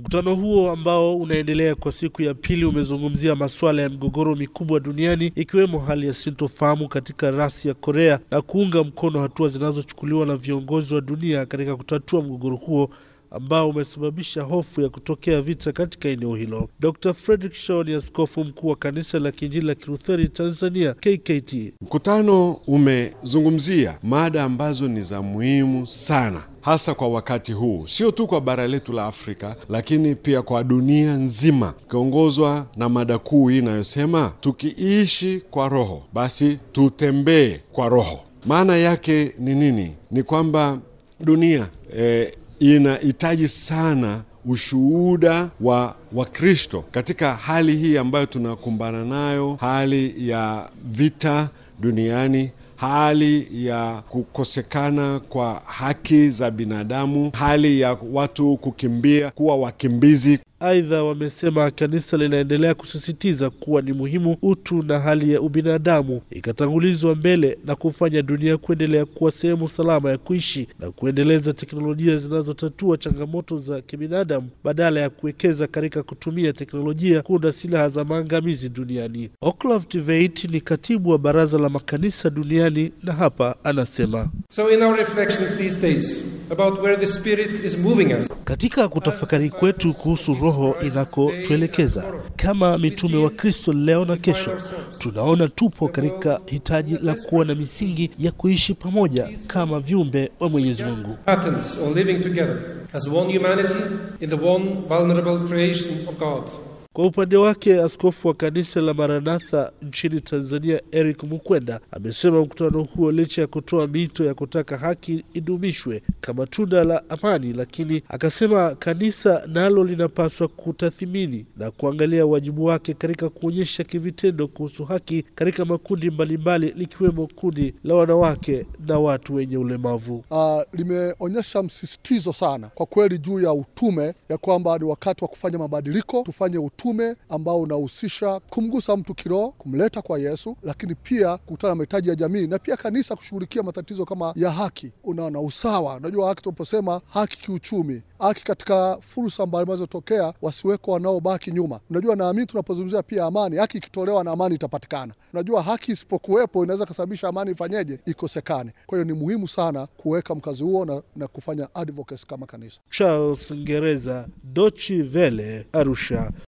Mkutano huo ambao unaendelea kwa siku ya pili umezungumzia masuala ya migogoro mikubwa duniani ikiwemo hali ya sintofahamu katika rasi ya Korea na kuunga mkono hatua zinazochukuliwa na viongozi wa dunia katika kutatua mgogoro huo ambao umesababisha hofu ya kutokea vita katika eneo hilo. Dr Fredrick Shaw ni askofu mkuu wa kanisa la Kiinjili la Kilutheri Tanzania, KKT. Mkutano umezungumzia mada ambazo ni za muhimu sana hasa kwa wakati huu, sio tu kwa bara letu la Afrika, lakini pia kwa dunia nzima, ikiongozwa na mada kuu hii inayosema tukiishi kwa Roho basi tutembee kwa Roho. Maana yake ni nini? Ni kwamba dunia e, inahitaji sana ushuhuda wa Wakristo katika hali hii ambayo tunakumbana nayo, hali ya vita duniani, hali ya kukosekana kwa haki za binadamu, hali ya watu kukimbia kuwa wakimbizi. Aidha, wamesema kanisa linaendelea kusisitiza kuwa ni muhimu utu na hali ya ubinadamu ikatangulizwa mbele na kufanya dunia kuendelea kuwa sehemu salama ya kuishi na kuendeleza teknolojia zinazotatua changamoto za kibinadamu badala ya kuwekeza katika kutumia teknolojia kuunda silaha za maangamizi duniani. Oklav Tveit ni katibu wa Baraza la Makanisa Duniani na hapa anasema: So in our about where the Spirit is moving us. Katika kutafakari kwetu kuhusu roho inakotuelekeza kama mitume wa Kristo leo na kesho, tunaona tupo katika hitaji la kuwa na misingi ya kuishi pamoja kama viumbe wa Mwenyezi Mungu. As one humanity in the one vulnerable creation of God. Kwa upande wake, askofu wa kanisa la Maranatha nchini Tanzania Eric Mukwenda amesema mkutano huo licha ya kutoa mito ya kutaka haki idumishwe kama tunda la amani, lakini akasema kanisa nalo linapaswa kutathimini na kuangalia wajibu wake katika kuonyesha kivitendo kuhusu haki katika makundi mbalimbali likiwemo kundi la wanawake na watu wenye ulemavu. Uh, limeonyesha msisitizo sana kwa kweli juu ya utume ya kwamba ni wakati wa kufanya mabadiliko, tufanye utume utume ambao unahusisha kumgusa mtu kiroho, kumleta kwa Yesu, lakini pia kukutana na mahitaji ya jamii na pia kanisa kushughulikia matatizo kama ya haki, unaona usawa. Unajua haki, tunaposema haki kiuchumi, haki katika fursa mbalimbali zinazotokea, wasiweko wanaobaki nyuma. Unajua naamini tunapozungumzia pia amani, haki ikitolewa na amani itapatikana. Unajua haki isipokuwepo inaweza kasababisha amani ifanyeje, ikosekane. Kwa hiyo ni muhimu sana kuweka mkazi huo na, na kufanya advocacy kama kanisa. Charles Ngereza, Dochi Vele, Arusha.